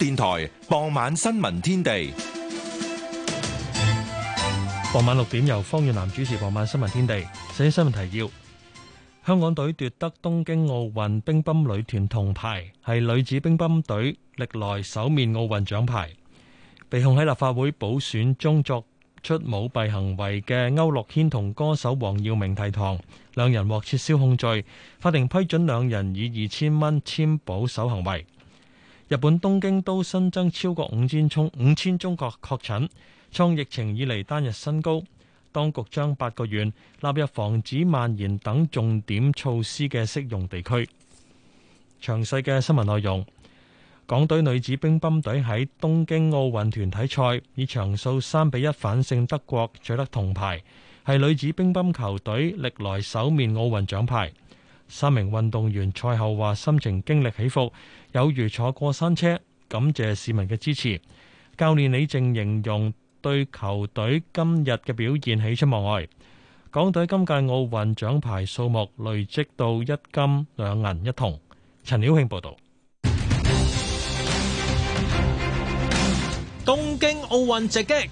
電台傍晚新聞天地，傍晚六點由方月南主持。傍晚新聞天地，先睇新聞提要。香港隊奪得東京奧運乒乓女團銅牌，係女子乒乓隊歷來首面奧運獎牌。被控喺立法會補選中作出舞弊行為嘅歐樂軒同歌手黃耀明提堂，兩人獲撤銷控罪，法庭批准兩人以二千蚊簽保守行為。日本東京都新增超過五千宗五千中國確診，創疫情以來單日新高。當局將八個縣納入防止蔓延等重點措施嘅適用地區。詳細嘅新聞內容，港隊女子乒乓隊喺東京奧運團體賽以場數三比一反勝德國，取得銅牌，係女子乒乓球隊歷來首面奧運獎牌。三名運動員賽後話心情經歷起伏，有如坐過山車，感謝市民嘅支持。教練李靜形容對球隊今日嘅表現喜出望外。港隊今屆奧運獎牌數目累積到一金兩銀一銅。陳曉慶報道。東京奧運直擊。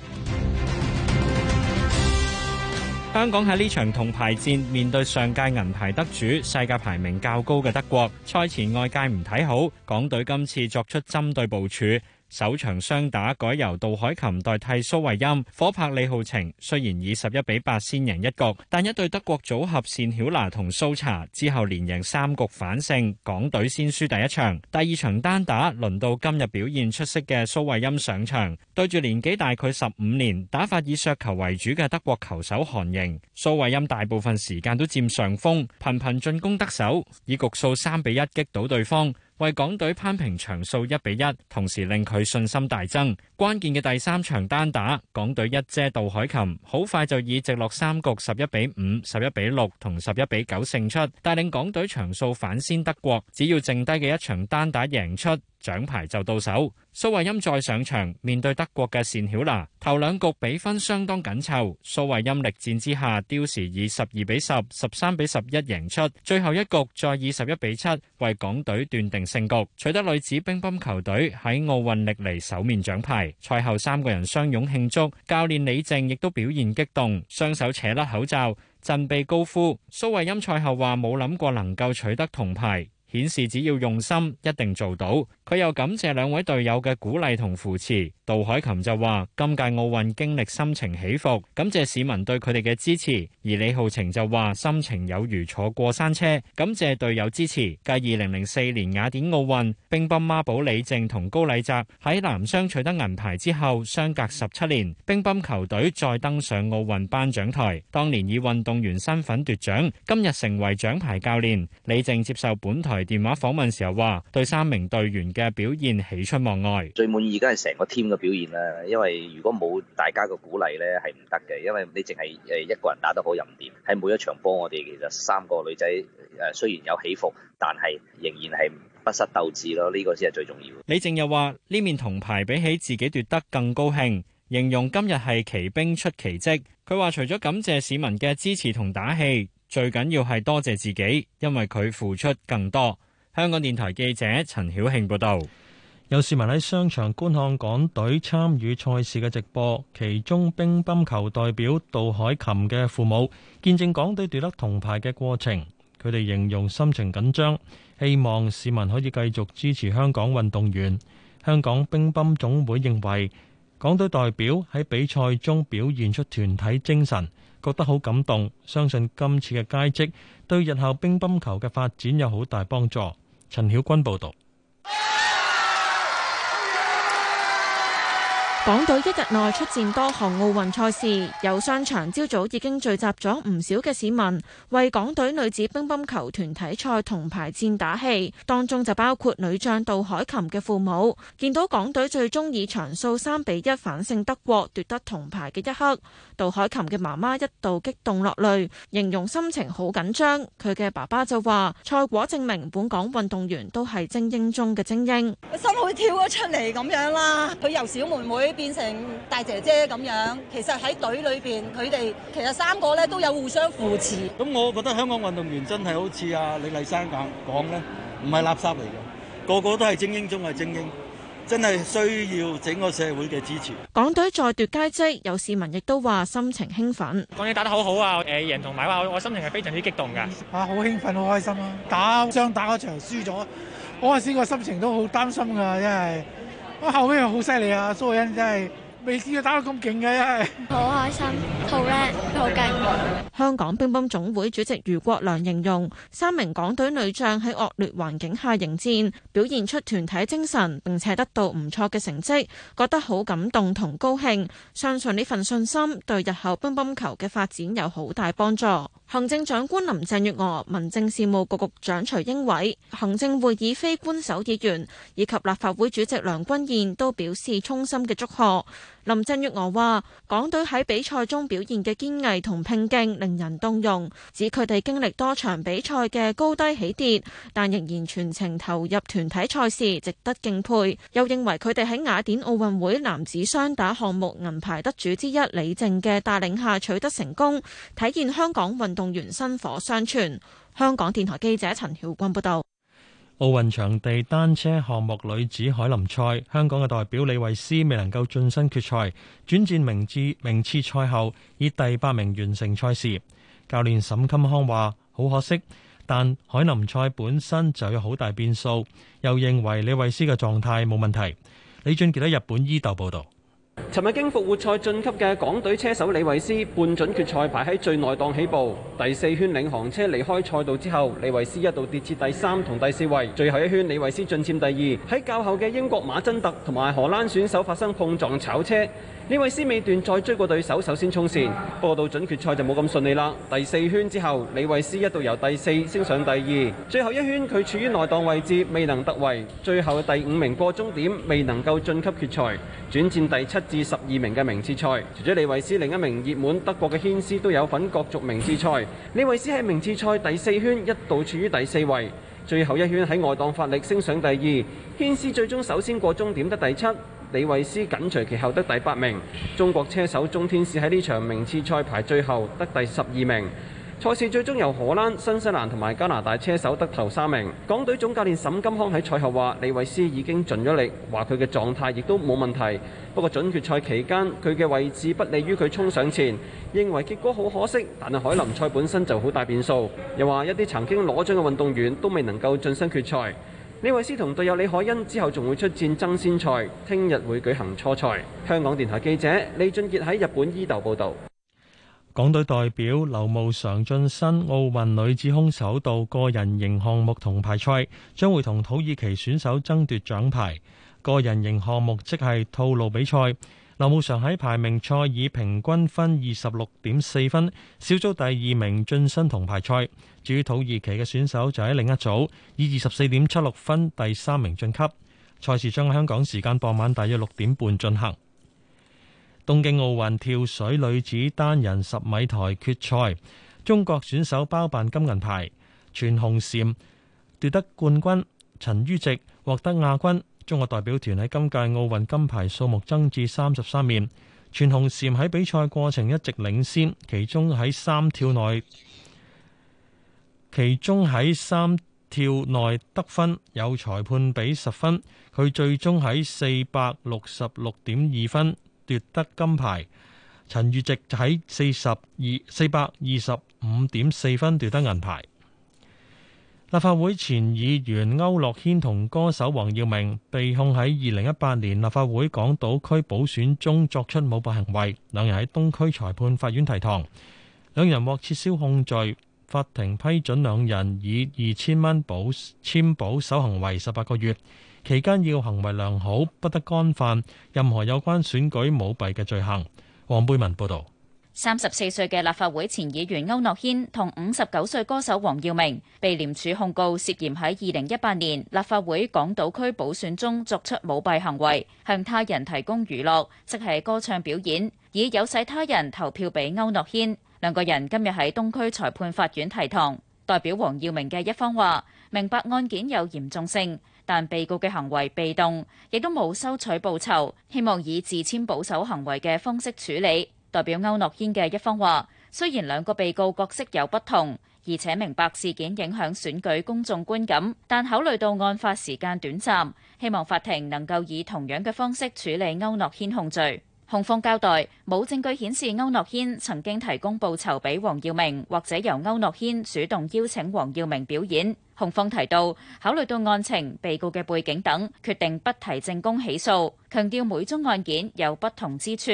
香港喺呢場銅牌戰面對上屆銀牌得主，世界排名較高嘅德國，賽前外界唔睇好，港隊今次作出針對部署。首場雙打改由杜凱琹代替蘇慧音，夥拍李皓晴。雖然以十一比八先贏一局，但一對德國組合單曉娜同蘇茶之後連贏三局反勝，港隊先輸第一場。第二場單打輪到今日表現出色嘅蘇慧音上場，對住年紀大佢十五年、打法以削球為主嘅德國球手韓瑩。蘇慧音大部分時間都佔上風，頻頻進攻得手，以局數三比一擊倒對方。為港隊攀平場數一比一，同時令佢信心大增。關鍵嘅第三場單打，港隊一姐杜海琴好快就以直落三局十一比五、十一比六同十一比九勝出，帶領港隊場數反先德國。只要剩低嘅一場單打贏出。獎牌就到手。蘇慧音再上場面對德國嘅單曉娜，頭兩局比分相當緊湊，蘇慧音力戰之下，刁時以十二比十、十三比十一贏出，最後一局再以十一比七為港隊斷定勝局，取得女子乒乓球隊喺奧運歷來首面獎牌。賽後三個人相擁慶祝，教練李靜亦都表現激動，雙手扯甩口罩，振臂高呼。蘇慧音賽後話冇諗過能夠取得銅牌。顯示只要用心一定做到。佢又感謝兩位隊友嘅鼓勵同扶持。杜凱琹就話：今屆奧運經歷心情起伏，感謝市民對佢哋嘅支持。而李皓晴就話：心情有如坐過山車，感謝隊友支持。繼二零零四年雅典奧運乒乓孖寶李靜同高禮澤喺男雙取得銀牌之後，相隔十七年，乒乓球隊再登上奧運頒獎台。當年以運動員身份奪獎，今日成為獎牌教練。李靜接受本台嚟電話訪問時候話，對三名隊員嘅表現喜出望外，最滿意梗係成個 team 嘅表現啦。因為如果冇大家嘅鼓勵咧，係唔得嘅。因為你淨係誒一個人打得好又唔掂。喺每一場波，我哋其實三個女仔誒雖然有起伏，但係仍然係不失鬥志咯。呢、這個先係最重要。李靜又話：呢面銅牌比起自己奪得更高興，形容今日係奇兵出奇蹟。佢話：除咗感謝市民嘅支持同打氣。最緊要係多謝自己，因為佢付出更多。香港電台記者陳曉慶報道，有市民喺商場觀看港隊參與賽事嘅直播，其中乒乓球代表杜海琴嘅父母見證港隊奪得銅牌嘅過程。佢哋形容心情緊張，希望市民可以繼續支持香港運動員。香港乒乓總會認為，港隊代表喺比賽中表現出團體精神。覺得好感動，相信今次嘅佳績對日後乒乓球嘅發展有好大幫助。陳曉君報導。港隊一日內出戰多項奧運賽事，有商場朝早已經聚集咗唔少嘅市民，為港隊女子乒乓球團體賽銅牌戰打氣。當中就包括女將杜海琴嘅父母。見到港隊最終以場數三比一反勝德國奪得銅牌嘅一刻，杜海琴嘅媽媽一度激動落淚，形容心情好緊張。佢嘅爸爸就話：賽果證明本港運動員都係精英中嘅精英。心好跳咗出嚟咁樣啦，佢由小妹妹。你變成大姐姐咁樣，其實喺隊裏邊佢哋其實三個咧都有互相扶持。咁我覺得香港運動員真係好似啊李麗珊咁講咧，唔係垃圾嚟嘅，個個都係精英中嘅精英，真係需要整個社會嘅支持。港隊再奪佳績，有市民亦都話心情興奮。港隊打得好好啊！誒贏同埋話，我我心情係非常之激動㗎，啊好興奮，好開心啊！打仗打嗰場輸咗，我嗰時個心情都好擔心㗎，因為。我後尾又好犀利啊！蘇恩真係未試過打到咁勁嘅，真係好開心，好叻，好勁！香港乒乓總會主席余國良形容三名港隊女將喺惡劣環境下迎戰，表現出團體精神，並且得到唔錯嘅成績，覺得好感動同高興，相信呢份信心對日後乒乓球嘅發展有好大幫助。行政長官林鄭月娥、民政事務局局長徐英偉、行政會議非官守議員以及立法會主席梁君彥都表示衷心嘅祝賀。林鄭月娥話：港隊喺比賽中表現嘅堅毅同拼勁令人動容，指佢哋經歷多場比賽嘅高低起跌，但仍然全程投入團體賽事，值得敬佩。又認為佢哋喺雅典奧運會男子雙打項目銀牌得主之一李靜嘅帶領下取得成功，體現香港運動員薪火相傳。香港電台記者陳曉君報道。奧運場地單車項目女子海林賽，香港嘅代表李慧詩未能夠晉身決賽，轉戰名次名次賽後以第八名完成賽事。教練沈金康話：好可惜，但海林賽本身就有好大變數，又認為李慧詩嘅狀態冇問題。李俊杰喺日本伊豆報道。尋日經復活賽晉級嘅港隊車手李維斯半準決賽排喺最內檔起步，第四圈領航車離開賽道之後，李維斯一度跌至第三同第四位，最後一圈李維斯進占第二。喺較後嘅英國馬珍特同埋荷蘭選手發生碰撞，炒車。李維斯尾段再追過對手，首先衝線。不過到準決賽就冇咁順利啦。第四圈之後，李維斯一度由第四升上第二。最後一圈佢處於內檔位置，未能奪位。最後嘅第五名過終點，未能夠晉級決賽，轉戰第七至十二名嘅名次賽。除咗李維斯，另一名熱門德國嘅軒斯都有份角逐名次賽。李維斯喺名次賽第四圈一度處於第四位，最後一圈喺外檔發力升上第二。軒斯最終首先過終點得第七。李慧詩緊隨其後得第八名，中國車手鍾天使喺呢場名次賽排最後得第十二名。賽事最終由荷蘭、新西蘭同埋加拿大車手得頭三名。港隊總教練沈金康喺賽後話：李慧詩已經盡咗力，話佢嘅狀態亦都冇問題。不過準決賽期間佢嘅位置不利於佢衝上前，認為結果好可惜。但係凱林賽本身就好大變數，又話一啲曾經攞獎嘅運動員都未能夠晉身決賽。李慧詩同隊友李海恩之後仲會出戰爭先賽，聽日會舉行初賽。香港電台記者李俊傑喺日本伊豆報導。港隊代表劉慕裳晉身奧運女子空手道個人型項目銅牌賽，將會同土耳其選手爭奪獎牌。個人型項目即係套路比賽。劉慕常喺排名賽以平均分二十六點四分，小組第二名晉身銅牌賽。至於土耳其嘅選手就喺另一組，以二十四點七六分第三名晉級。賽事將喺香港時間傍晚大約六點半進行。東京奧運跳水女子單人十米台決賽，中國選手包辦金銀牌。全紅嬋奪得冠軍，陳芋汐獲得亞軍。中國代表團喺今屆奧運金牌數目增至三十三面，全紅嬋喺比賽過程一直領先，其中喺三跳內，其中喺三跳內得分有裁判俾十分，佢最終喺四百六十六點二分奪得金牌，陳芋汐喺四十二四百二十五點四分奪得銀牌。立法會前議員區諾軒同歌手黃耀明被控喺二零一八年立法會港島區補選中作出舞弊行為，兩人喺東區裁判法院提堂，兩人獲撤銷控罪，法庭批准兩人以二千蚊保簽保守行為十八個月，期間要行為良好，不得干犯任何有關選舉舞弊嘅罪行。黃貝文報道。三十四歲嘅立法會前議員歐諾軒同五十九歲歌手黃耀明被廉署控告，涉嫌喺二零一八年立法會港島區補選中作出舞弊行為，向他人提供娛樂，即係歌唱表演，以誘使他人投票俾歐諾軒。兩個人今日喺東區裁判法院提堂。代表黃耀明嘅一方話：明白案件有嚴重性，但被告嘅行為被動，亦都冇收取報酬，希望以自簽保守行為嘅方式處理。代表歐諾軒嘅一方話，雖然兩個被告角色有不同，而且明白事件影響選舉公眾觀感，但考慮到案發時間短暫，希望法庭能夠以同樣嘅方式處理歐諾軒控罪。控方交代，冇證據顯示歐諾軒曾經提供報酬俾黃耀明，或者由歐諾軒主動邀請黃耀明表演。控方提到，考慮到案情、被告嘅背景等，決定不提證供起訴，強調每宗案件有不同之處。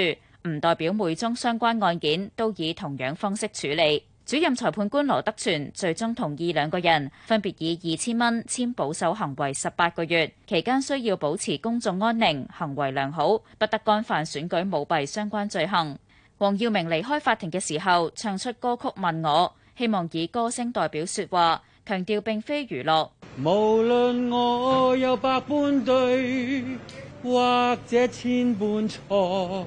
唔代表每宗相關案件都以同樣方式處理。主任裁判官羅德全最終同意兩個人分別以二千蚊簽保守行為十八個月，期間需要保持公眾安寧，行為良好，不得干犯選舉舞弊相關罪行。黃耀明離開法庭嘅時候，唱出歌曲問我，希望以歌聲代表說話，強調並非娛樂。無論我有百般對，或者千般錯。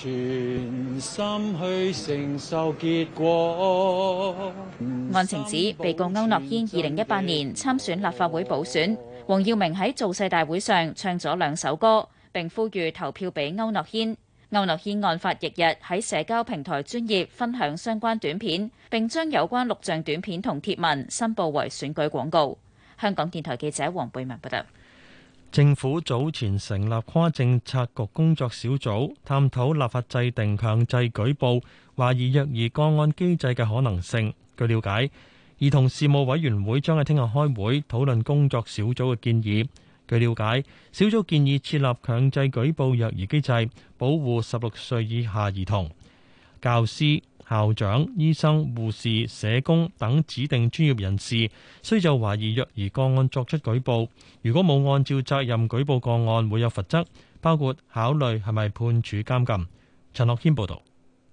全心去承受結果。結果案情指，被告歐諾軒二零一八年參選立法會補選，黃耀明喺造勢大會上唱咗兩首歌，並呼籲投票俾歐諾軒。歐諾軒案發翌日喺社交平台專頁分享相關短片，並將有關錄像短片同貼文申報為選舉廣告。香港電台記者黃貝文報道。政府早前成立跨政策局工作小組，探討立法制定強制舉報懷疑虐兒個案機制嘅可能性。據了解，兒童事務委員會將喺聽日開會討論工作小組嘅建議。據了解，小組建議設立強制舉報虐兒機制，保護十六歲以下兒童。教師。校長、醫生、護士、社工等指定專業人士，須就懷疑虐兒個案作出舉報。如果冇按照責任舉報個案，會有罰則，包括考慮係咪判處監禁。陳樂謙報道：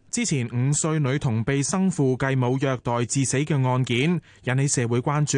之前五歲女童被生父繼母虐待致死嘅案件，引起社會關注，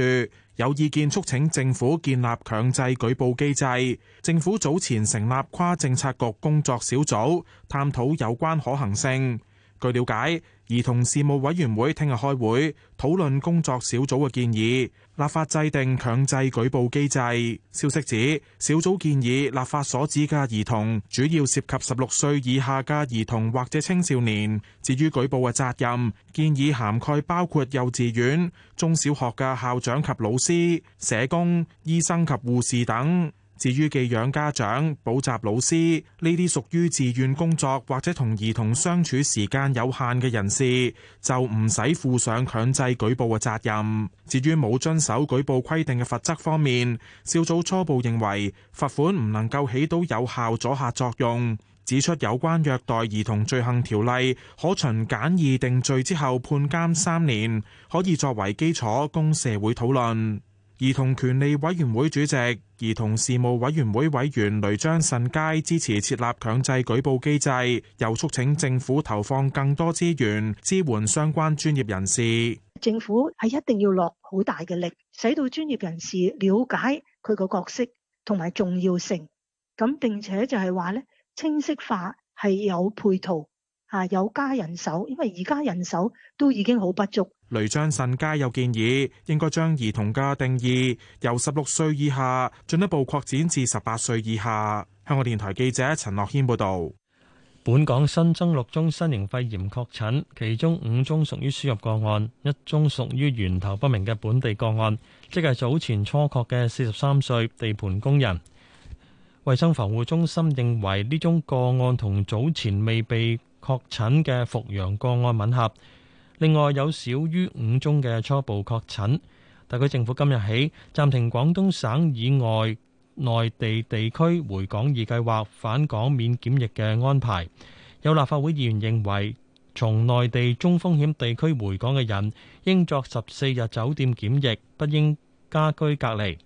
有意見促請政府建立強制舉報機制。政府早前成立跨政策局工作小組，探討有關可行性。據了解。兒童事務委員會聽日開會討論工作小組嘅建議，立法制定強制舉報機制。消息指，小組建議立法所指嘅兒童主要涉及十六歲以下嘅兒童或者青少年。至於舉報嘅責任，建議涵蓋包括幼稚園、中小學嘅校長及老師、社工、醫生及護士等。至於寄養家長、補習老師呢啲屬於自願工作或者同兒童相處時間有限嘅人士，就唔使負上強制舉報嘅責任。至於冇遵守舉報規定嘅罰則方面，小組初步認為罰款唔能夠起到有效阻嚇作用，指出有關虐待兒童罪行條例可循簡易定罪之後判監三年，可以作為基礎供社會討論。兒童權利委員會主席、兒童事務委員會委員雷張慎佳支持設立強制舉報機制，又促請政府投放更多資源支援相關專業人士。政府係一定要落好大嘅力，使到專業人士了解佢個角色同埋重要性，咁並且就係話咧，清晰化係有配套。吓有加人手，因為而家人手都已經好不足。雷張慎佳有建議，應該將兒童嘅定義由十六歲以下進一步擴展至十八歲以下。香港電台記者陳樂謙報道，本港新增六宗新型肺炎確診，其中五宗屬於輸入個案，一宗屬於源頭不明嘅本地個案，即係早前初確嘅四十三歲地盤工人。衛生防護中心認為呢宗個案同早前未被確診嘅復陽個案吻合，另外有少於五宗嘅初步確診。特區政府今日起暫停廣東省以外內地地區回港易計劃返港免檢疫嘅安排。有立法會議員認為，從內地中風險地區回港嘅人應作十四日酒店檢疫，不應家居隔離。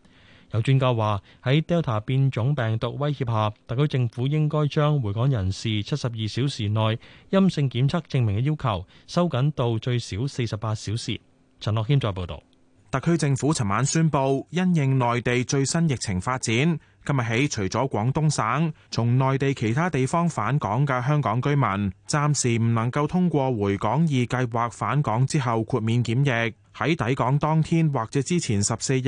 有專家話喺 Delta 變種病毒威脅下，特區政府應該將回港人士七十二小時內陰性檢測證明嘅要求收緊到最少四十八小時。陳樂軒再報道。特區政府尋晚宣布，因應內地最新疫情發展，今日起除咗廣東省從內地其他地方返港嘅香港居民，暫時唔能夠通過回港易計劃返港之後豁免檢疫，喺抵港當天或者之前十四日。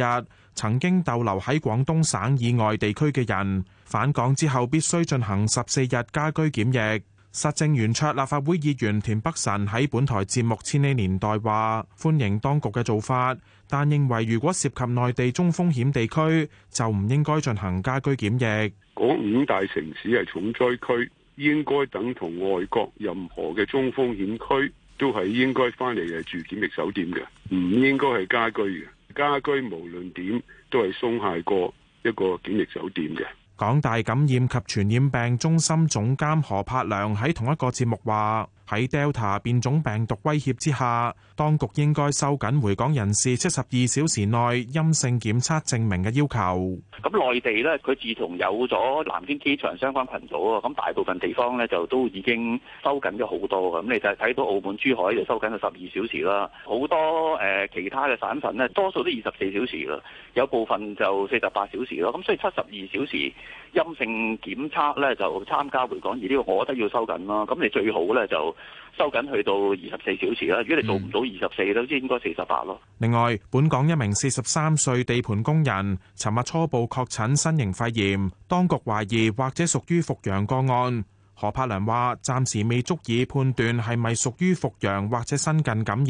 曾經逗留喺廣東省以外地區嘅人返港之後必須進行十四日家居檢疫。實政圓桌立法會議員田北辰喺本台節目《千禧年代》話：歡迎當局嘅做法，但認為如果涉及內地中風險地區，就唔應該進行家居檢疫。嗰五大城市係重災區，應該等同外國任何嘅中風險區，都係應該翻嚟係住檢疫酒店嘅，唔應該係家居嘅。家居無論點都係鬆懈過一個檢疫酒店嘅。港大感染及傳染病中心總監何柏良喺同一個節目話，喺 Delta 變種病毒威脅之下，當局應該收緊回港人士七十二小時內陰性檢測證明嘅要求。咁內地呢，佢自從有咗南京機場相關群組啊，咁大部分地方呢就都已經收緊咗好多。咁你就睇到澳門、珠海就收緊咗十二小時啦，好多誒、呃、其他嘅省份呢，多數都二十四小時啦，有部分就四十八小時咯。咁所以七十二小時陰性檢測呢，就參加回港，而呢個我覺得要收緊啦。咁你最好呢，就，收緊去到二十四小時啦，如果你做唔到二十四，總之應該四十八咯。另外，本港一名四十三歲地盤工人尋日初步確診新型肺炎，當局懷疑或者屬於復陽個案。何柏良話：暫時未足以判斷係咪屬於復陽或者新近感染，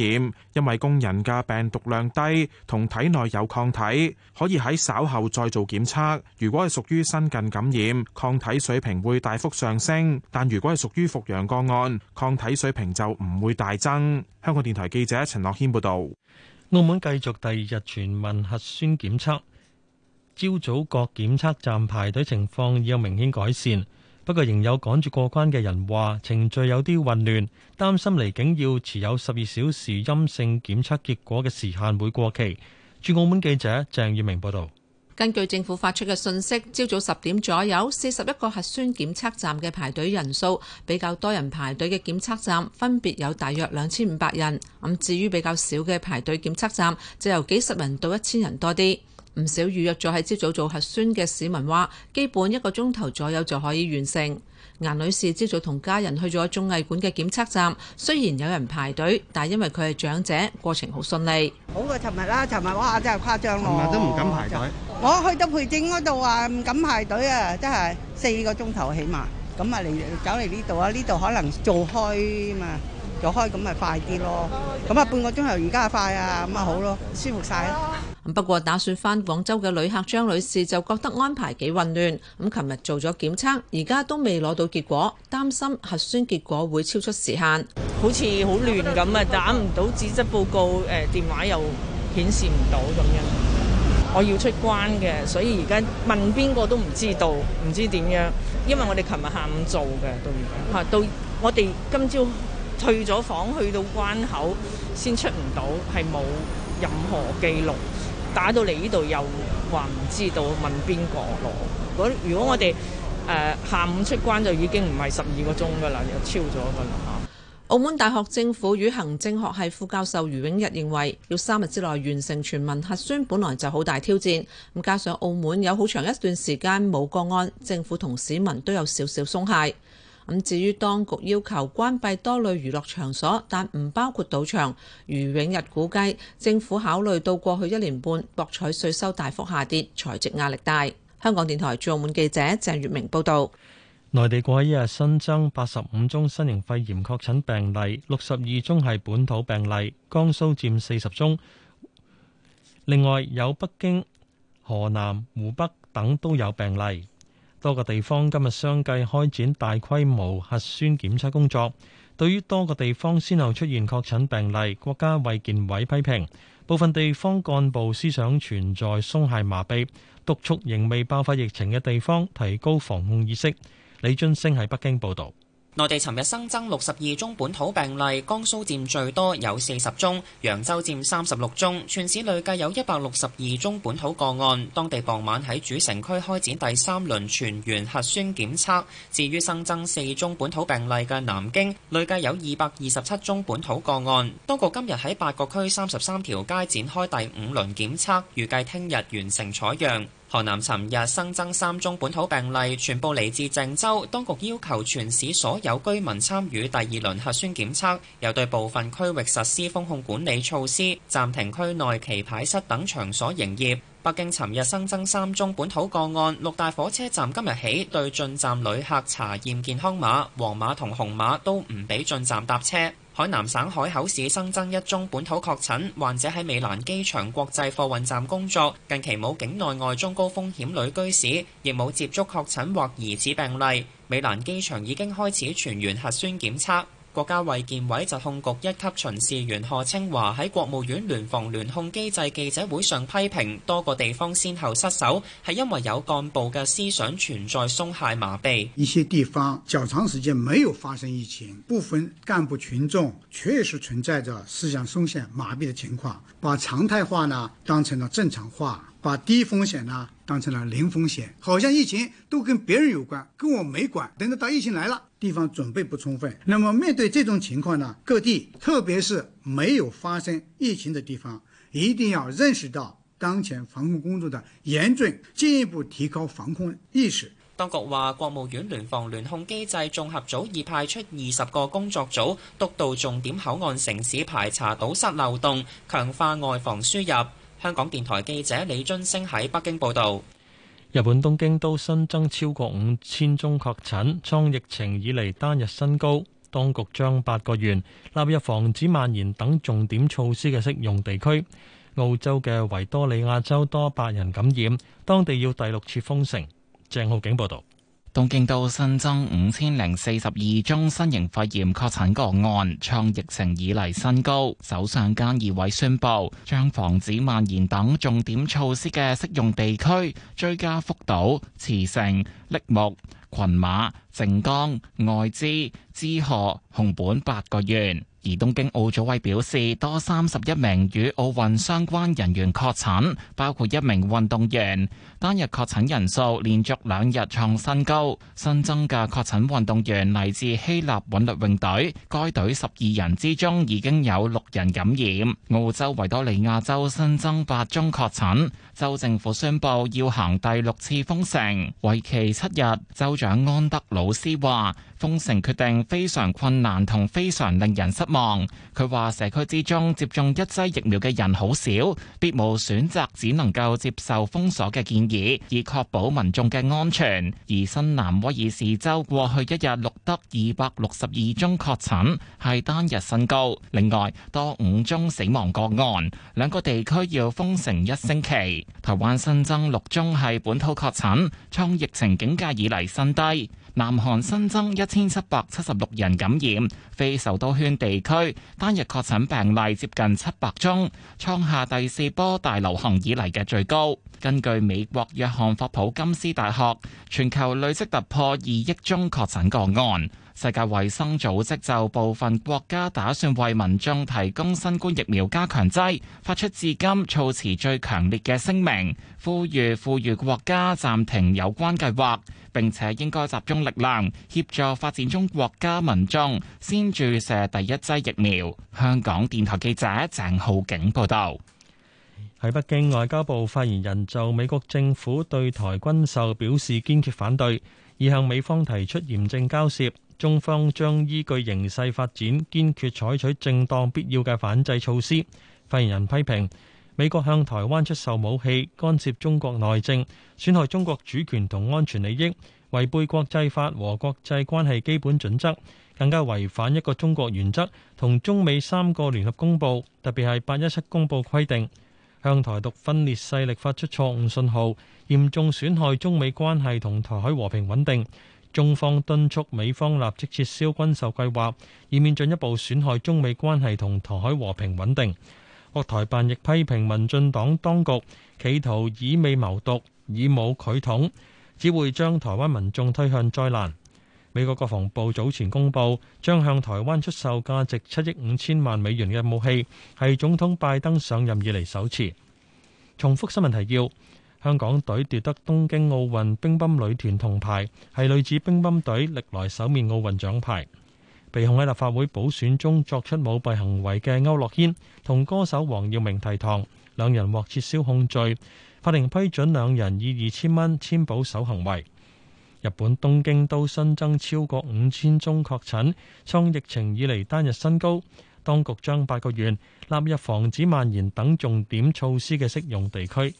因為工人嘅病毒量低，同體內有抗體，可以喺稍後再做檢測。如果係屬於新近感染，抗體水平會大幅上升；但如果係屬於復陽個案，抗體水平就唔會大增。香港電台記者陳樂謙報道。澳門繼續第二日全民核酸檢測，朝早各檢測站排隊情況已有明顯改善。不過，仍有趕住過關嘅人話，程序有啲混亂，擔心離境要持有十二小時陰性檢測結果嘅時限會過期。駐澳門記者鄭耀明報道，根據政府發出嘅信息，朝早十點左右，四十一個核酸檢測站嘅排隊人數比較多人排隊嘅檢測站，分別有大約兩千五百人。咁至於比較少嘅排隊檢測站，就由幾十人到一千人多啲。唔少預約咗喺朝早做核酸嘅市民話，基本一個鐘頭左右就可以完成。顏女士朝早同家人去咗綜藝館嘅檢測站，雖然有人排隊，但係因為佢係長者，過程好順利。好過尋日啦，尋日哇真係誇張咯，尋日都唔敢排隊。我去到培正嗰度啊，唔敢排隊啊，真係四個鐘頭起碼。咁啊嚟走嚟呢度啊，呢度可能做開嘛，做開咁咪快啲咯。咁啊半個鐘頭而家快啊，咁啊好咯，舒服晒啦。不過打算返廣州嘅旅客張女士就覺得安排幾混亂。咁琴日做咗檢測，而家都未攞到結果，擔心核酸結果會超出時限。好似好亂咁啊！打唔到紙質報告，誒、呃，電話又顯示唔到咁樣。我要出關嘅，所以而家問邊個都唔知道，唔知點樣。因為我哋琴日下午做嘅，到而家吓到我哋今朝退咗房，去到關口先出唔到，係冇任何記錄。打到嚟呢度又話唔知道問邊個咯？如果我哋誒下午出關就已經唔係十二個鐘噶啦，又超咗可能嚇。澳門大學政府與行政學系副教授余永逸認為，要三日之內完成全民核酸，本來就好大挑戰，咁加上澳門有好長一段時間冇個案，政府同市民都有少少鬆懈。咁至於當局要求關閉多類娛樂場所，但唔包括賭場。余永日估計，政府考慮到過去一年半博彩稅收大幅下跌，財政壓力大。香港電台駐澳門記者鄭月明報導。內地過去一日新增八十五宗新型肺炎確診病例，六十二宗係本土病例，江蘇佔四十宗。另外有北京、河南、湖北等都有病例。多個地方今日相繼開展大規模核酸檢測工作。對於多個地方先後出現確診病例，國家衛健委批評部分地方幹部思想存在鬆懈麻痹，督促仍未爆發疫情嘅地方提高防控意識。李俊升喺北京報道。內地尋日新增六十二宗本土病例，江蘇占最多，有四十宗，揚州占三十六宗，全市累計有一百六十二宗本土個案。當地傍晚喺主城區開展第三輪全員核酸檢測。至於新增四宗本土病例嘅南京，累計有二百二十七宗本土個案。當局今日喺八個區三十三條街展開第五輪檢測，預計聽日完成採樣。河南尋日新增三宗本土病例，全部嚟自鄭州，當局要求全市所有居民參與第二輪核酸檢測，又對部分區域實施封控管理措施，暫停區內棋牌室等場所營業。北京尋日新增三宗本土個案，六大火車站今日起對進站旅客查驗健康碼，黃碼同紅碼都唔俾進站搭車。海南省海口市新增一宗本土確診患者喺美蘭機場國際貨運站工作，近期冇境內外中高風險旅居史，亦冇接觸確診或疑似病例。美蘭機場已經開始全員核酸檢測。國家衛健委疾控局一級巡視員何清華喺國務院聯防聯控機制記者會上批評多個地方先後失守，係因為有幹部嘅思想存在鬆懈麻痹。一些地方較長時間沒有發生疫情，部分幹部群眾確實存在着思想鬆懈麻痹的情況，把常態化呢當成了正常化，把低風險呢當成了零風險，好像疫情都跟別人有關，跟我沒關。等到大疫情來了。地方準備不充分，那麼面對這種情況呢？各地，特別是沒有發生疫情的地方，一定要認識到當前防控工作的嚴峻，進一步提高防控意識。當局話，國務院聯防聯控機制綜合組已派出二十個工作組，督導重點口岸城市排查堵塞漏洞，強化外防輸入。香港電台記者李津升喺北京報道。日本東京都新增超過五千宗確診，創疫情以嚟單日新高。當局將八個縣納入防止蔓延等重點措施嘅適用地區。澳洲嘅維多利亞州多百人感染，當地要第六次封城。鄭浩景報道。東京都新增五千零四十二宗新型肺炎確診個案，創疫情以嚟新高。首相菅義偉宣布，將防止蔓延等重點措施嘅適用地區追加福島、茨城、櫪木、群馬、靜岡、愛知、滋賀、熊本八個縣。而東京奧組委表示，多三十一名與奧運相關人員確診，包括一名運動員。單日確診人數連續兩日創新高，新增嘅確診運動員嚟自希臘韻律泳隊，該隊十二人之中已經有六人感染。澳洲維多利亞州新增八宗確診，州政府宣布要行第六次封城，為期七日。州長安德魯斯話。封城決定非常困難同非常令人失望。佢話社區之中接種一劑疫苗嘅人好少，別無選擇，只能夠接受封鎖嘅建議，以確保民眾嘅安全。而新南威爾士州過去一日錄得二百六十二宗確診，係單日新高，另外多五宗死亡個案。兩個地區要封城一星期。台灣新增六宗係本土確診，創疫情警戒以嚟新低。南韓新增一千七百七十六人感染，非首都圈地區單日確診病例接近七百宗，創下第四波大流行以來嘅最高。根據美國約翰霍普金斯大學，全球累積突破二億宗確診個案。世界衛生組織就部分國家打算為民眾提供新冠疫苗加強劑，發出至今措辭最強烈嘅聲明，呼籲富裕國家暫停有關計劃，並且應該集中力量協助發展中國家民眾先注射第一劑疫苗。香港電台記者鄭浩景報道。喺北京，外交部發言人就美國政府對台軍售表示堅決反對，已向美方提出嚴正交涉。中方將依據形勢發展，堅決採取正當必要嘅反制措施。發言人批評美國向台灣出售武器，干涉中國內政，損害中國主權同安全利益，違背國際法和國際關係基本準則，更加違反一個中國原則同中美三個聯合公報，特別係八一七公報規定，向台獨分裂勢力發出錯誤信號，嚴重損害中美關係同台海和平穩定。中方敦促美方立即撤銷軍售計劃，以免進一步損害中美關係同台海和平穩定。國台辦亦批評民進黨當局企圖以美謀獨、以武拒統，只會將台灣民眾推向災難。美國國防部早前公布，將向台灣出售價值七億五千萬美元嘅武器，係總統拜登上任以嚟首次。重複新聞提要。香港隊奪得東京奧運乒乓女團銅牌，係女子乒乓隊歷來首面奧運獎牌。被控喺立法會補選中作出舞弊行為嘅歐樂軒同歌手黃耀明提堂，兩人獲撤銷控罪，法庭批准兩人以二千蚊簽保守行為。日本東京都新增超過五千宗確診，創疫情以嚟單日新高，當局將八個縣納入防止蔓延等重點措施嘅適用地區。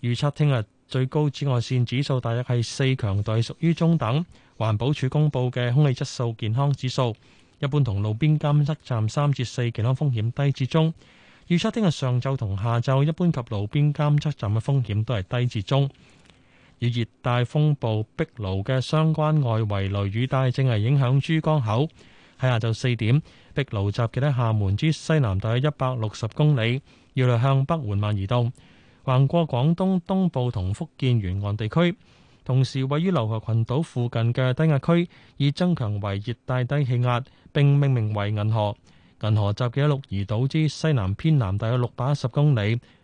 預測聽日最高紫外綫指數大約係四，強度屬於中等。環保署公布嘅空氣質素健康指數，一般同路邊監測站三至四，健康風險低至中。預測聽日上晝同下晝，一般及路邊監測站嘅風險都係低至中。與熱帶風暴碧勞嘅相關外圍雷雨帶正係影響珠江口。喺下晝四點，碧勞集結喺廈門之西南大約一百六十公里，預料向北緩慢移動。橫過廣東東部同福建沿岸地區，同時位於琉球群島附近嘅低壓區，已增強為熱帶低氣壓，並命名為銀河。銀河集結鹿兒島之西南偏南大約六百一十公里，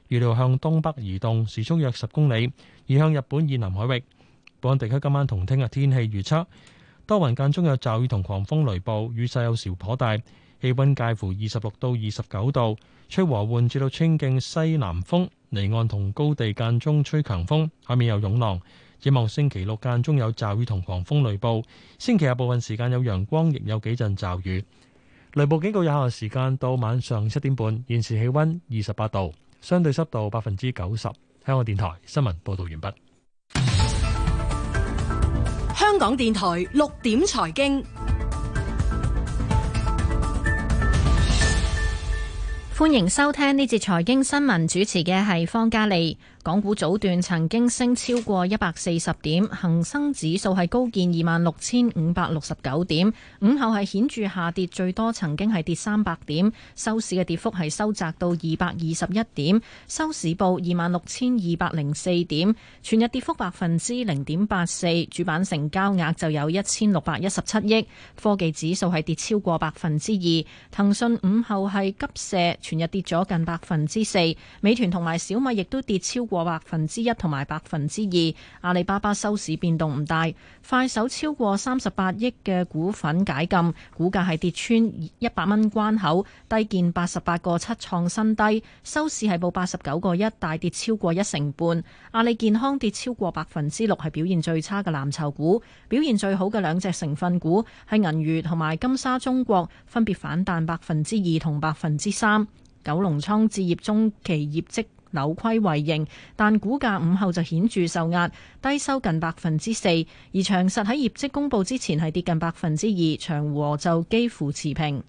預料向東北移動，時速約十公里，移向日本以南海域。本港地區今晚同聽日天氣預測多雲間中有驟雨同狂風雷暴，雨勢有時頗大，氣温介乎二十六到二十九度，吹和緩至到清勁西南風。離岸同高地間中吹強風，海面有湧浪。展望星期六間中有驟雨同狂風雷暴，星期日部分時間有陽光，亦有幾陣驟雨。雷暴警告有效時間到晚上七點半。現時氣溫二十八度，相對濕度百分之九十。香港電台新聞報道完畢。香港電台六點財經。歡迎收聽呢節財經新聞，主持嘅係方嘉利。港股早段曾經升超過一百四十點，恒生指數係高見二萬六千五百六十九點。午後係顯著下跌，最多曾經係跌三百點，收市嘅跌幅係收窄到二百二十一點，收市報二萬六千二百零四點，全日跌幅百分之零點八四，主板成交額就有一千六百一十七億。科技指數係跌超過百分之二，騰訊午後係急瀉。全日跌咗近百分之四，美團同埋小米亦都跌超過百分之一同埋百分之二。阿里巴巴收市變動唔大，快手超過三十八億嘅股份解禁，股價係跌穿一百蚊關口，低見八十八個七創新低，收市係報八十九個一，大跌超過一成半。阿里健康跌超過百分之六，係表現最差嘅藍籌股。表現最好嘅兩隻成分股係銀娛同埋金沙中國，分別反彈百分之二同百分之三。九龍倉置業中期業績扭虧為盈，但股價午後就顯著受壓，低收近百分之四。而長實喺業績公布之前係跌近百分之二，長和就幾乎持平。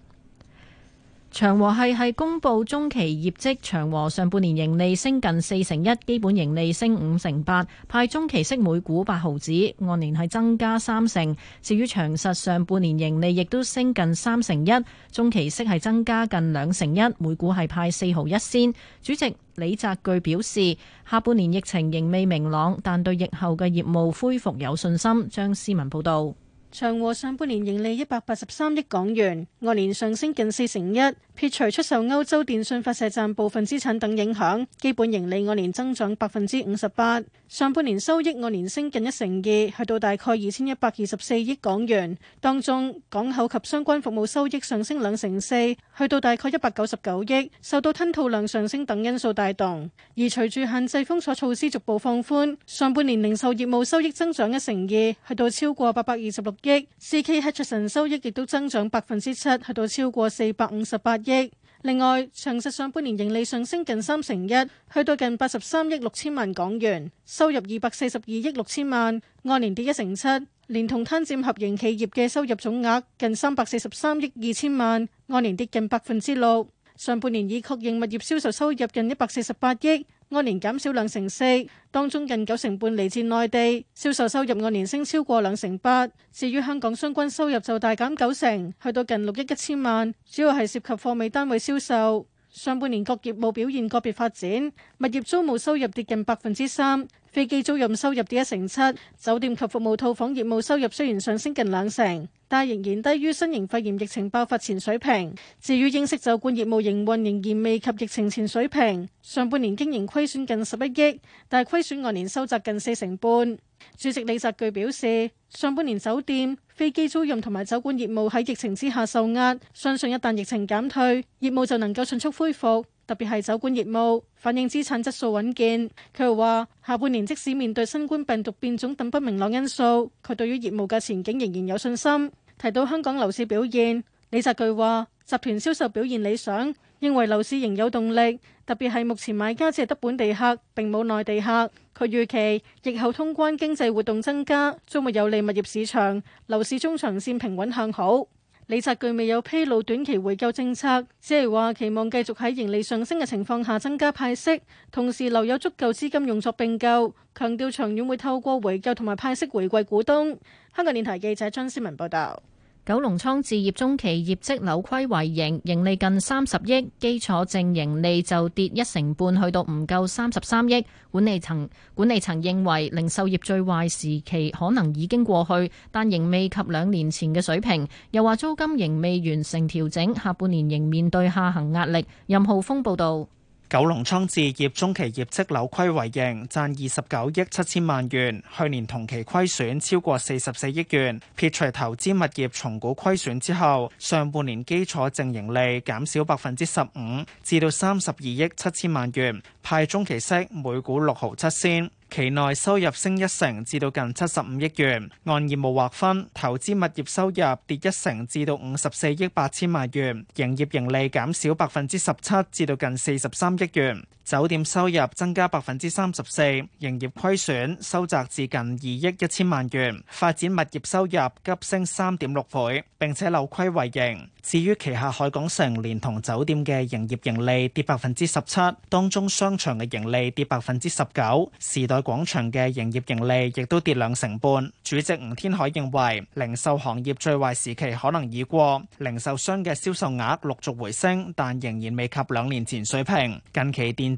長和系係公布中期業績，長和上半年盈利升近四成一，基本盈利升五成八，派中期息每股八毫子，按年係增加三成。至於長實上半年盈利亦都升近三成一，中期息係增加近兩成一，每股係派四毫一仙。主席李澤钜表示，下半年疫情仍未明朗，但對疫後嘅業務恢復有信心。張思文報道。長和上半年盈利一百八十三億港元，按年上升近四成一。撇除出售歐洲電訊發射站部分資產等影響，基本盈利按年增長百分之五十八。上半年收益按年升近一成二，去到大概二千一百二十四億港元。當中，港口及相關服務收益上升兩成四，去到大概一百九十九億，受到吞吐量上升等因素帶動。而隨住限制封鎖措施逐步放寬，上半年零售業務收益增長一成二，去到超過八百二十六億。CK Hutchison 收益亦都增長百分之七，去到超過四百五十八億。另外，長實上半年盈利上升近三成一，去到近八十三億六千萬港元，收入二百四十二億六千萬，按年跌一成七。連同攤佔合營企業嘅收入總額近三百四十三億二千萬，按年跌近百分之六。上半年已確認物業銷售收入近一百四十八億。按年減少兩成四，當中近九成半嚟自內地，銷售收入按年升超過兩成八。至於香港相關收入就大減九成，去到近六億一千萬，主要係涉及貨尾單位銷售。上半年各業務表現個別發展，物業租務收入跌近百分之三，飛機租賃收入跌一成七，酒店及服務套房業務收入雖然上升近兩成，但仍然低於新型肺炎疫情爆發前水平。至於英式酒館業務營運營仍然未及疫情前水平，上半年經營虧損近十一億，但係虧損按年收窄近四成半。主席李澤钜表示，上半年酒店、飛機租用同埋酒館業務喺疫情之下受壓，相信一旦疫情減退，業務就能夠迅速恢復，特別係酒館業務反映資產質素穩健。佢又話，下半年即使面對新冠病毒變種等不明朗因素，佢對於業務嘅前景仍然有信心。提到香港樓市表現，李澤钜話集團銷售表現理想，認為樓市仍有動力，特別係目前買家只係得本地客，並冇內地客。佢預期疫後通關經濟活動增加，將會有利物業市場樓市中長線平穩向好。李澤鉅未有披露短期回購政策，只係話期望繼續喺盈利上升嘅情況下增加派息，同時留有足夠資金用作並購。強調長遠會透過回購同埋派息回饋股東。香港電台記者張思文報道。九龍倉置業中期業績扭虧為盈，盈利近三十億，基礎淨盈利就跌一成半，去到唔夠三十三億。管理層管理層認為零售業最壞時期可能已經過去，但仍未及兩年前嘅水平。又話租金仍未完成調整，下半年仍面對下行壓力。任浩峰報道。九龍倉置業中期業績扭虧為盈，賺二十九億七千萬元，去年同期虧損超過四十四億元。撇除投資物業重估虧損之後，上半年基礎淨盈利減少百分之十五，至到三十二億七千萬元，派中期息每股六毫七仙。期內收入升一成，至到近七十五億元。按業務劃分，投資物業收入跌一成，至到五十四億八千萬元。營業盈利減少百分之十七，至到近四十三億元。酒店收入增加百分之三十四，營業虧損收窄至近二億一千萬元。發展物業收入急升三點六倍，並且扭虧為盈。至於旗下海港城連同酒店嘅營業盈利跌百分之十七，當中商場嘅盈利跌百分之十九。時代廣場嘅營業盈利亦都跌兩成半。主席吳天海認為，零售行業最壞時期可能已過，零售商嘅銷售額陸續回升，但仍然未及兩年前水平。近期電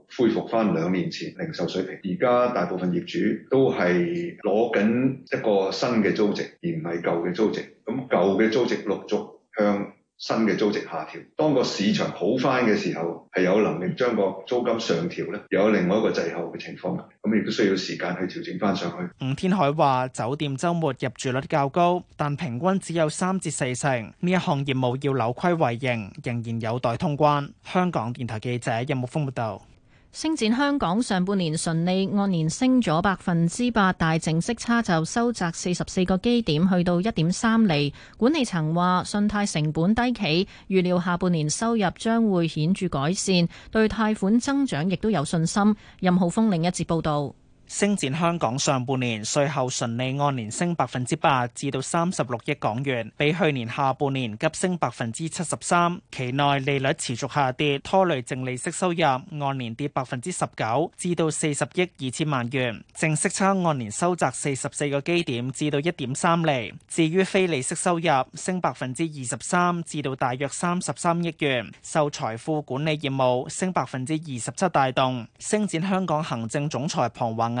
恢復翻兩年前零售水平，而家大部分業主都係攞緊一個新嘅租值，而唔係舊嘅租值。咁舊嘅租值陸續向新嘅租值下調。當個市場好翻嘅時候，係有能力將個租金上調咧，有另外一個滯後嘅情況。咁亦都需要時間去調整翻上去。吳天海話：酒店週末入住率較高，但平均只有三至四成。呢一項業務要扭虧為盈，仍然有待通關。香港電台記者任木峯報道。星展香港上半年純利按年升咗百分之八，大淨息差就收窄四十四個基點，去到一點三厘。管理層話信貸成本低企，預料下半年收入將會顯著改善，對貸款增長亦都有信心。任浩峰另一節報道。昇展香港上半年稅後純利按年升百分之八，至到三十六億港元，比去年下半年急升百分之七十三。期內利率持續下跌，拖累淨利息收入按年跌百分之十九，至到四十億二千萬元。淨息差按年收窄四十四個基點，至到一點三厘。至於非利息收入升百分之二十三，至到大約三十三億元，受財富管理業務升百分之二十七帶動。昇展香港行政總裁龐華。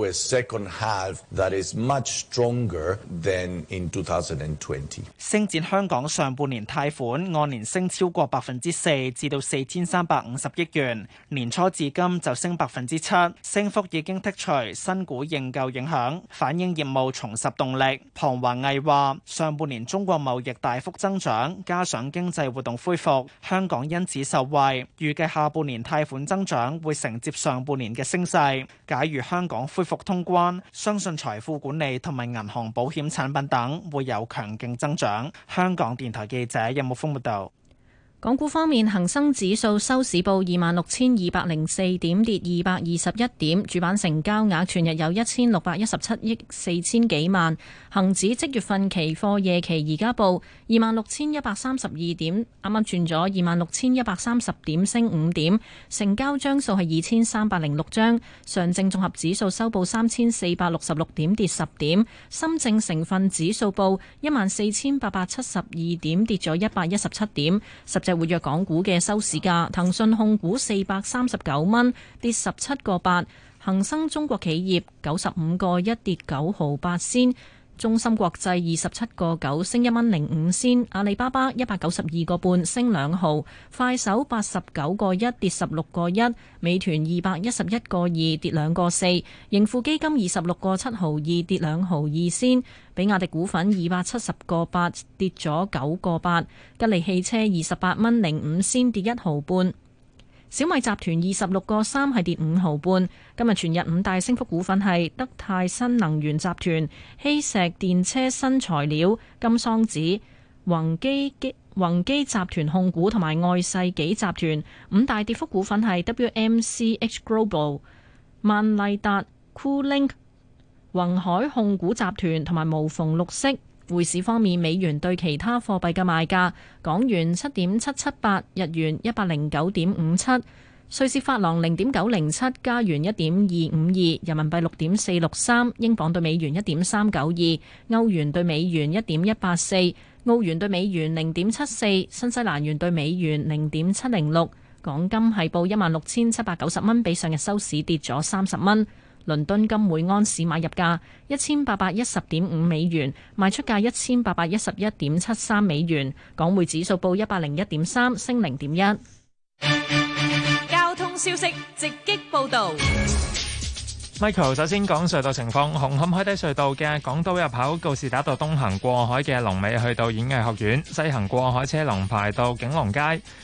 second half，that is much stronger than in 2020。星展香港上半年貸款按年升超過百分之四，至到四千三百五十億元。年初至今就升百分之七，升幅已經剔除新股認購影響，反映業務重拾動力。龐華毅話：上半年中國貿易大幅增長，加上經濟活動恢復，香港因此受惠。預計下半年貸款增長會承接上半年嘅升勢。假如香港恢復復通關，相信財富管理同埋銀行保險產品等會有強勁增長。香港電台記者任木峰報道。港股方面，恒生指數收市報二萬六千二百零四點，跌二百二十一點。主板成交額全日有一千六百一十七億四千幾萬。恒指即月份期貨夜期而家報二萬六千一百三十二點，啱啱轉咗二萬六千一百三十點，升五點。成交張數係二千三百零六張。上證綜合指數收報三千四百六十六點，跌十點。深證成分指數報一萬四千八百七十二點，跌咗一百一十七點。十隻。活躍港股嘅收市價，騰訊控股四百三十九蚊，跌十七個八；恒生中國企業九十五個一，跌九毫八仙。中芯國際二十七個九升一蚊零五仙，阿里巴巴一百九十二個半升兩毫，快手八十九個一跌十六個一，美團二百一十一個二跌兩個四，盈富基金二十六個七毫二跌兩毫二仙，比亞迪股份二百七十個八跌咗九個八，吉利汽車二十八蚊零五仙跌一毫半。小米集團二十六個三係跌五毫半。今日全日五大升幅股份係德泰新能源集團、希石電車新材料、金桑子、宏基、基宏基集團控股同埋愛世紀集團。五大跌幅股份係 WMCH Global、萬麗達、Coolink、宏海控股集團同埋無縫綠色。匯市方面，美元對其他貨幣嘅賣價：港元七點七七八，日元一百零九點五七，瑞士法郎零點九零七，加元一點二五二，人民幣六點四六三，英鎊對美元一點三九二，歐元對美元一點一八四，澳元對美元零點七四，新西蘭元對美元零點七零六。港金係報一萬六千七百九十蚊，比上日收市跌咗三十蚊。倫敦金每安士買入價一千八百一十點五美元，賣出價一千八百一十一點七三美元。港匯指數報一百零一點三，升零點一。交通消息直擊報導。Michael 首先講隧道情況，紅磡海底隧道嘅港島入口告士打道東行過海嘅龍尾去到演藝學院，西行過海車龍排到景隆街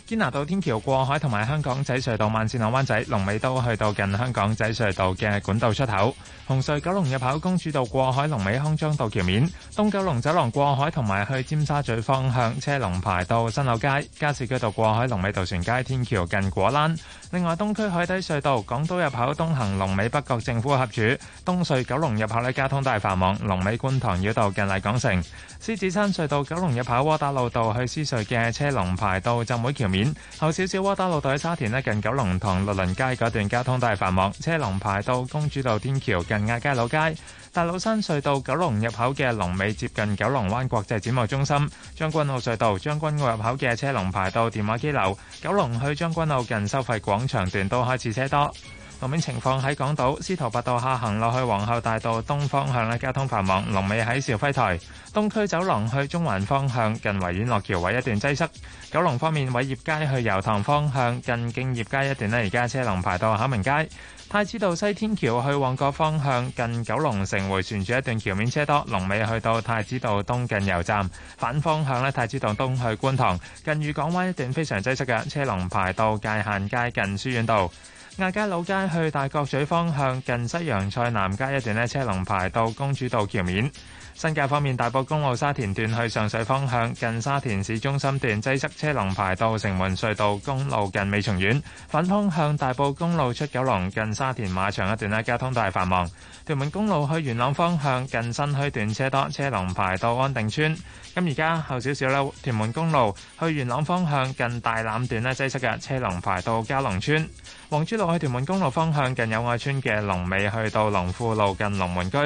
堅拿道天橋過海，同埋香港仔隧道慢線往灣仔龍尾都去到近香港仔隧道嘅管道出口。紅隧九龍入口公主道過海龍尾康莊道橋面，東九龍走廊過海同埋去尖沙咀方向車龍排到新柳街、加士居道過海龍尾渡船街天橋近果欄。另外東區海底隧道港島入口東行龍尾北角政府合署，東隧九龍入口嘅交通大繁忙，龍尾觀塘繞道近麗港城、獅子山隧道九龍入口窩打老道去獅隧嘅車龍排到浸會橋面，後少少窩打老道喺沙田咧近九龍塘綠林街嗰段交通大繁忙，車龍排到公主道天橋近。亞皆老街、大老山隧道九龍入口嘅龍尾接近九龍灣國際展貿中心、將軍澳隧道將軍澳入口嘅車龍排到電話機樓、九龍去將軍澳近收費廣場段都開始車多。路面情況喺港島，司徒拔道下行落去皇后大道東方向咧，交通繁忙；龍尾喺肇輝臺。東區走廊去中環方向，近維園落橋位一段擠塞。九龍方面，偉業街去油塘方向，近敬業街一段咧，而家車龍排到巧明街。太子道西天橋去旺角方向，近九龍城迴旋處一段橋面車多，龍尾去到太子道東近油站反方向咧，太子道東去觀塘，近裕港灣一段非常擠塞嘅車龍排到界限街近書院道。亞皆老街去大角咀方向，近西洋菜南街一段咧，車龍排到公主道橋面。新界方面，大埔公路沙田段去上水方向，近沙田市中心段擠塞，車龍排到城門隧道公路近美松苑。反方向大埔公路出九龍，近沙田馬場一段呢交通大繁忙。屯門公路去元朗方向，近新墟段車多，車龍排到安定村。咁而家後少少咧，屯門公路去元朗方向近大欖段呢擠塞嘅車龍排到嘉龍村。黃珠路去屯門公路方向，近友愛村嘅龍尾去到龍富路近龍門居。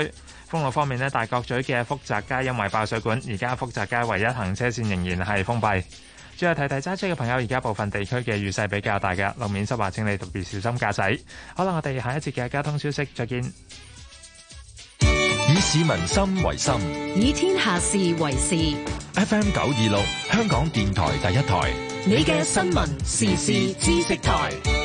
公路方面咧，大角咀嘅福澤街因為爆水管，而家福澤街唯一行車線仍然係封閉。最後提提揸車嘅朋友，而家部分地區嘅雨勢比較大嘅路面濕滑，請你特別小心駕駛。好啦，我哋下一節嘅交通消息，再見。以市民心為心，以天下事為事。FM 九二六，香港電台第一台，你嘅新聞時事知識台。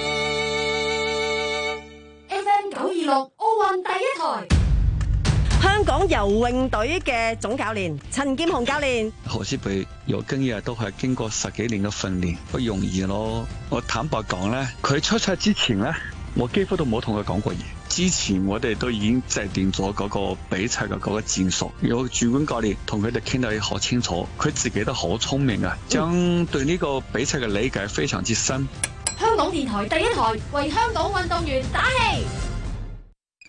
游泳隊嘅總教練陳劍虹教練，何詩蓓，有今日都係經過十幾年嘅訓練，不容易咯。我坦白講咧，佢出賽之前咧，我幾乎都冇同佢講過嘢。之前我哋都已經制定咗嗰個比賽嘅嗰個戰術，有主管教練同佢哋傾得好清楚。佢自己都好聰明啊，將對呢個比賽嘅理解非常之深。嗯、香港電台第一台為香港運動員打氣。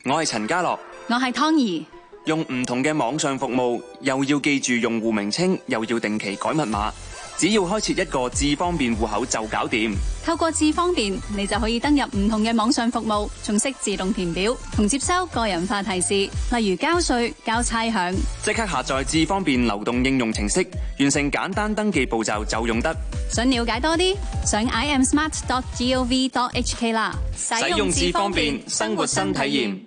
我係陳家樂，我係湯怡。用唔同嘅網上服務，又要記住用戶名稱，又要定期改密碼。只要開設一個智方便戶口就搞掂。透過智方便，你就可以登入唔同嘅網上服務，仲識自動填表同接收個人化提示，例如交稅、交差餉。即刻下載智方便流動應用程式，完成簡單登記步驟就用得。想了解多啲，上 imsmart.gov.hk 啦。使用智方便，生活新體驗。